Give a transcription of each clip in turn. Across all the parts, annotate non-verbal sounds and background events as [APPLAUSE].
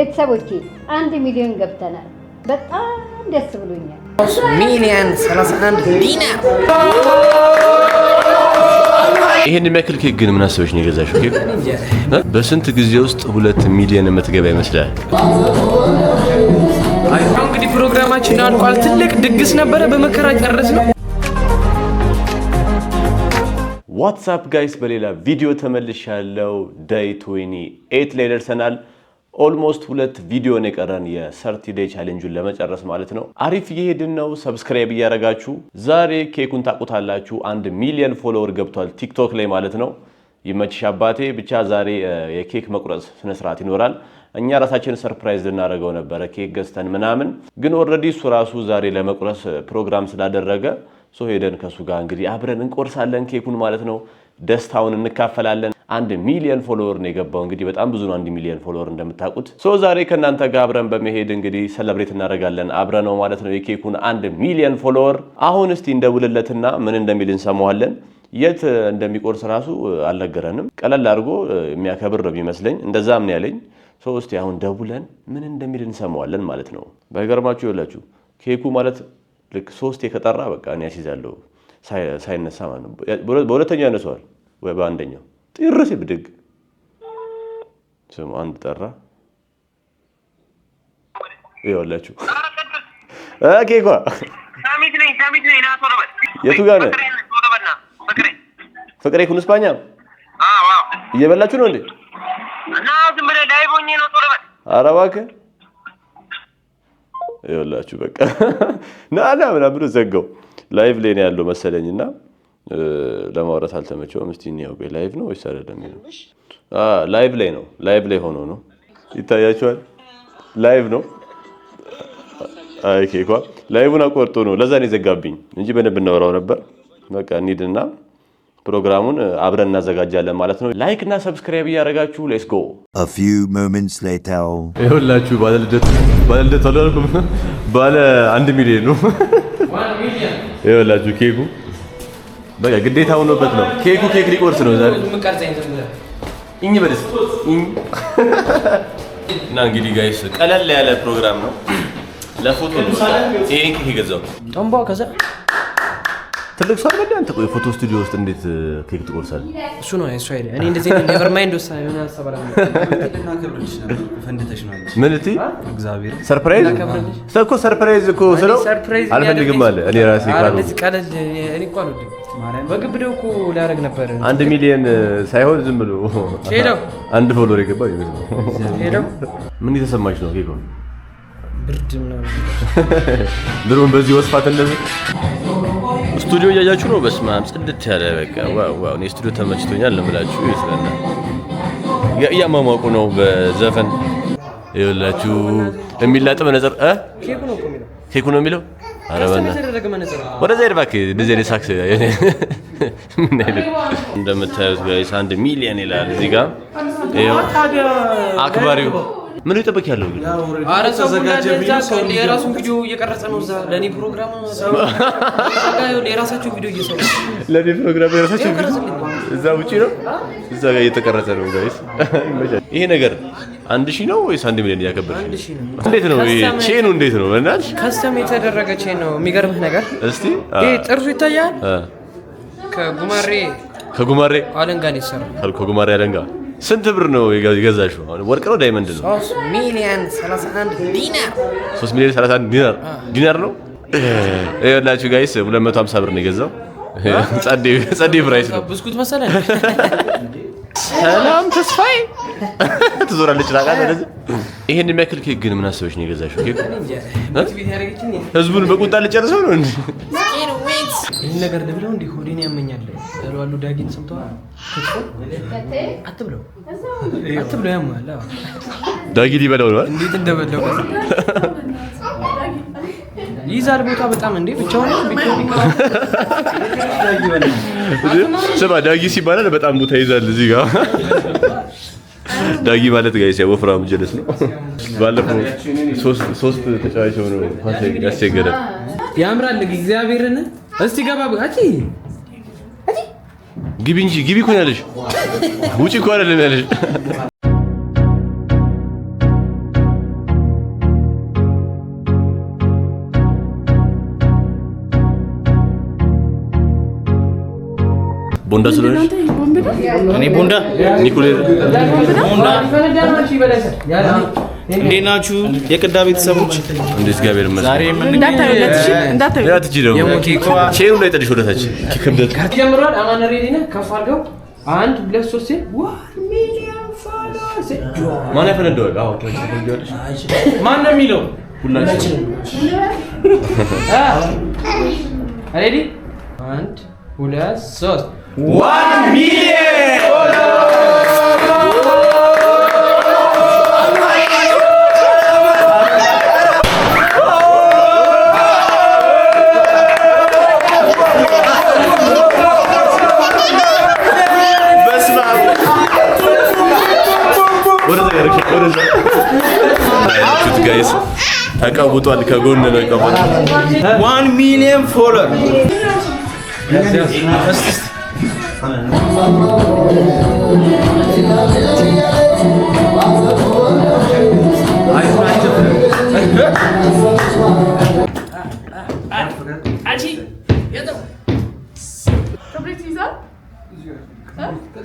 ቤተሰቦቼ አንድ ሚሊዮን ገብተናል። በጣም ደስ ብሎኛል። ሚሊዮን 31 ዲናር። ይሄን የሚያክል ኬክ ግን ምን አስበሽ ነው የገዛሽው? ኬክ በስንት ጊዜ ውስጥ ሁለት ሚሊዮን የምትገባ ይመስላል? እንግዲህ ፕሮግራማችን አልቋል። ትልቅ ድግስ ነበረ፣ በመከራ ጨረስ ነው። ዋትሳፕ ጋይስ፣ በሌላ ቪዲዮ ተመልሻለሁ። ዳይ ትዌኒ ኤት ላይ ደርሰናል። ኦልሞስት ሁለት ቪዲዮን የቀረን የሰርቲ ዴይ ቻሌንጁን ለመጨረስ ማለት ነው። አሪፍ እየሄድን ነው። ሰብስክራይብ እያደረጋችሁ ዛሬ ኬኩን ታቁታላችሁ። አንድ ሚሊዮን ፎሎወር ገብቷል ቲክቶክ ላይ ማለት ነው። ይመችሽ አባቴ። ብቻ ዛሬ የኬክ መቁረጽ ስነስርዓት ይኖራል። እኛ ራሳችን ሰርፕራይዝ ልናደርገው ነበረ ኬክ ገዝተን ምናምን፣ ግን ኦልሬዲ እሱ ራሱ ዛሬ ለመቁረስ ፕሮግራም ስላደረገ ሶ ሄደን ከእሱ ጋር እንግዲህ አብረን እንቆርሳለን ኬኩን ማለት ነው። ደስታውን እንካፈላለን። አንድ ሚሊዮን ፎሎወር ነው የገባው። እንግዲህ በጣም ብዙ ነው አንድ ሚሊዮን ፎሎወር እንደምታውቁት። ሶ ዛሬ ከእናንተ ጋር አብረን በመሄድ እንግዲህ ሰለብሬት እናደርጋለን አብረ ነው ማለት ነው የኬኩን አንድ ሚሊዮን ፎሎወር። አሁን እስቲ እንደውልለትና ምን እንደሚል እንሰማዋለን። የት እንደሚቆርስ ራሱ አልነገረንም። ቀለል አድርጎ የሚያከብር ነው የሚመስለኝ፣ እንደዛም ነው ያለኝ። ሶ እስቲ አሁን ደውለን ምን እንደሚል እንሰማዋለን ማለት ነው። በገርማችሁ ይላችሁ ኬኩ ማለት ልክ ሶስት ከጠራ በቃ እኔ ያስይዛለሁ ሳይነሳ ማለት ነው። በሁለተኛው ያነሰዋል ወይ በአንደኛው ጭርስ ብድግ ስሙ አንድ ጠራ። ይወላችሁ ኦኬ የቱ ጋር ነህ? ፍቅሬ ኩን እስፓኛ እየበላችሁ ነው እንዴ? ኧረ እባክህ ይኸውላችሁ በቃ ና ና ምናምን ብሎ ዘጋው። ላይቭ ላይ ነው ያለው መሰለኝና ለማውራት አልተመቸውም። እስቲ እኔ ያውቀኝ ላይቭ ነው ወይስ አይደለም? ላይቭ ላይ ነው። ላይቭ ላይ ሆኖ ነው ይታያቸዋል። ላይቭ ነው። ኦኬ እኮ ላይቡን አቆርጦ ነው። ለዛ ነው የዘጋብኝ እንጂ በደንብ እናወራው ነበር። በቃ እንሂድና ፕሮግራሙን አብረን እናዘጋጃለን ማለት ነው። ላይክ እና ሰብስክራይብ እያደረጋችሁ ሌስ ጎ። ይኸውላችሁ ባለልደት ባለ አንድ ሚሊዮን ነው። [LAUGHS] ይኸውላችሁ ኬኩ በቃ ግዴታ ሆኖበት ነው። ኬኩ ኬክ ሊቆርስ ነው ዛሬ። እኝ በደስ እኝ እና እንግዲህ ጋይስ ቀለል ያለ ፕሮግራም ነው። ለፎቶ ነው ይሄን ኬክ የገዛው ጠንቧ። ከዛ ትልቅ ሰው አይደል አንተ? ቆይ ፎቶ ስቱዲዮ ውስጥ እንዴት ኬክ ትቆርሳለህ? እሱ ነው እሱ አይደል። እኔ እንደዚህ ነው ኔቨር ማይንድ ወሳ ነው ያሰበራ ነው ምን ልትይ? እግዚአብሔር ሰርፕራይዝ እኮ ሰርፕራይዝ እኮ ስለው አልፈልግም አለ። እኔ ራሴ ካሉ ቀለል እኔ እኮ አልወድም በግብደው እኮ ላደርግ ነበር። አንድ ሚሊዮን ሳይሆን ዝም ብሎ ሄደው አንድ ፎሎወር የገባ ሄደው። ምን የተሰማች ነው? ሄዶ ብርድ ምናምን ድሮን በዚህ ወስፋት እንደዚህ ስቱዲዮ እያያችሁ ነው። በስመ አብ ጽድት ያለ በቃ ዋው ዋው። እኔ ስቱዲዮ ተመችቶኛል ልምላችሁ ይስለና እያሟሟቁ ነው በዘፈን ይኸውላችሁ። የሚላጥ መነጽር ኬኩ ነው የሚለው ወደዛ ሄድ እባክህ። እንደዚህ አይነት ሳክስ እንደምታዩት ጋይስ አንድ ሚሊየን ይላል እዚህ ጋር አክባሪው ምን ይጠበቅ ያለው ግን አረ ተዘጋጀ የራሱን ቪዲዮ እየቀረጸ ነው። እዛ ለእኔ ፕሮግራም የራሳቸው ቪዲዮ እየሰሩ ለእኔ ፕሮግራም የራሳቸው ቪዲዮ እዛ ውጪ ነው፣ እዛ ጋር እየተቀረጸ ነው ጋይስ። ይሄ ነገር አንድ ሺህ ነው ወይስ አንድ ሚሊዮን እያከበረ እንዴት ነው ይሄ ቼኑ? እንዴት ነው እናት ካስተም የተደረገ ቼን ነው። የሚገርምህ ነገር እስቲ ይሄ ጥርሱ ይታያል። ከጉማሬ ከጉማሬ አለንጋ ነው የተሰራው። ከጉማሬ አለንጋ ስንት ብር ነው የገዛሽው? ወርቅ ነው ዳይመንድ ነው? 3 ሚሊዮን 31 ዲናር 3 ሚሊዮን 31 ዲናር ዲናር ነው። ይኸውላችሁ ጋይስ 250 ብር ነው የገዛው ጸዴ ብራይስ ነው። ብስኩት መሰለህ። ሰላም ተስፋዬ ትዞራለች ላቃ። ስለዚህ ይሄን የሚያክል ኬክ ግን ምን አስበሽ ነው የገዛሽው? ኬክ ህዝቡን በቁጣ ልጨርሰው ነው እንዴ? ይህን ነገር ልብለው እንዲህ ሆዴን ያመኛል እለዋለሁ። ዳጊን ሰምተዋል። አትብለው አትብለው፣ ያመዋል። ዳጊ ሊበላው ነው። እንዴት እንደበላው ይዛል ቦታ በጣም እንዴ ብቻውን ስማ፣ ዳጊ ሲባላል በጣም ቦታ ይዛል። እዚህ ጋር ዳጊ ማለት ጋይስ ያው ወፍራም ጀለስ ነው። ባለፈው ሶስት ሶስት ተጫዋች ሆኖ ያስቸገረ ያምራል። እግዚአብሔርን እስቲ ገባ አቺ ግቢ እንጂ ግቢ እኮ ነው ያለሽ፣ ውጪ እኮ አይደለም ያለሽ ቦንዳ ስለሆነ እኔ ቦንዳ ኒኮሌር ቦንዳ እንዴት ናችሁ? የቅዳ ቤተሰቦች እንዴት እግዚአብሔር ይመስገን። ዛሬ ምን እንዳታዩለት እሺ፣ ነው የሚለው? ሬዲ? አንድ ሁለት ሶስት 1 million! ተቀውጧል። ከጎን ነው የቀወጠው። ዋን ሚሊየን ፎሎወር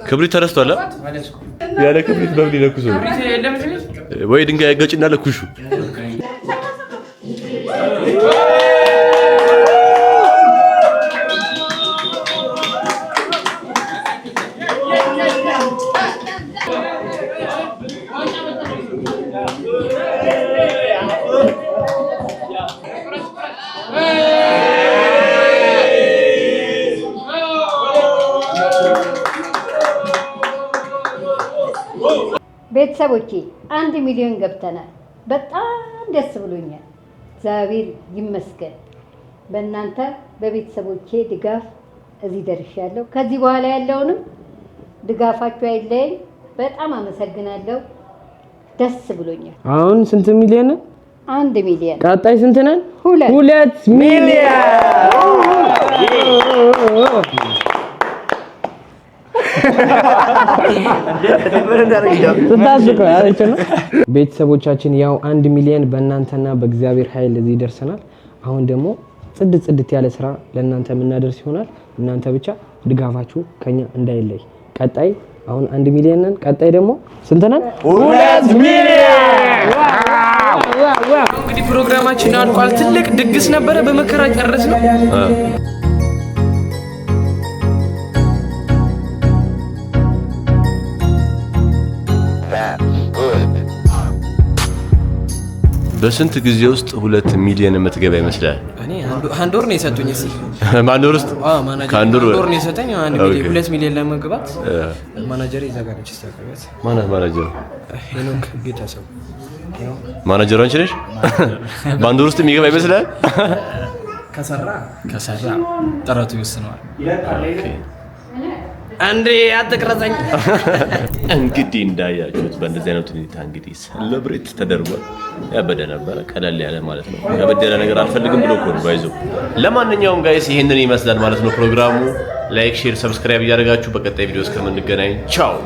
ክብሪት ተረስቷል። ያለ ክብሪት በምን ይለኩሱ ወይ? ድንጋይ ገጭና ለኩሹ ቤተሰቦቼ አንድ ሚሊዮን ገብተናል። በጣም ደስ ብሎኛል። እግዚአብሔር ይመስገን። በእናንተ በቤተሰቦቼ ድጋፍ እዚህ ደርሻለሁ። ከዚህ በኋላ ያለውንም ድጋፋችሁ አይለየኝ። በጣም አመሰግናለሁ። ደስ ብሎኛል። አሁን ስንት ሚሊዮን? አንድ ሚሊዮን። ቀጣይ ስንት ነን? ሁለት ሚሊዮን ቤተሰቦቻችን ያው አንድ ሚሊዮን በእናንተና በእግዚአብሔር ኃይል እዚህ ደርሰናል። አሁን ደግሞ ጽድት ጽድት ያለ ስራ ለእናንተ የምናደርስ ይሆናል። እናንተ ብቻ ድጋፋችሁ ከኛ እንዳይለይ። ቀጣይ አሁን አንድ ሚሊዮን ነን። ቀጣይ ደግሞ ስንት ነን? ሁለት ሚሊዮን። እንግዲህ ፕሮግራማችን አልቋል። ትልቅ ድግስ ነበረ፣ በመከራ ጨረስ ነው። በስንት ጊዜ ውስጥ ሁለት ሚሊዮን የምትገባ ይመስላል? እኔ አንድ ወር ነው የሰጡኝ። እዚህ ማንድ [LAUGHS] ወር ውስጥ ከአንድ ወር ነው የሰጠኝ። ሁለት ሚሊዮን ለመግባት ማናጀር ይዘጋለች። ማናት ማናጀር? ሄኖክ ቤተሰብ ማናጀር አንቺ ነሽ። [LAUGHS] በአንድ ወር ውስጥ የሚገባ ይመስላል? ከሰራ ከሰራ ጥረቱ ይወስነዋል። አንዴ አትቅረጸኝ። እንግዲህ እንዳያችሁት በእንደዚህ አይነት ሁኔታ እንግዲህ ሰለብሬት ተደርጓል። ያበደ ነበረ፣ ቀለል ያለ ማለት ነው። ያበደለ ነገር አልፈልግም ብሎ ኮን ባይዞ። ለማንኛውም ጋይስ ይህንን ይመስላል ማለት ነው ፕሮግራሙ። ላይክ፣ ሼር፣ ሰብስክራይብ እያደረጋችሁ በቀጣይ ቪዲዮ እስከምንገናኝ ቻው።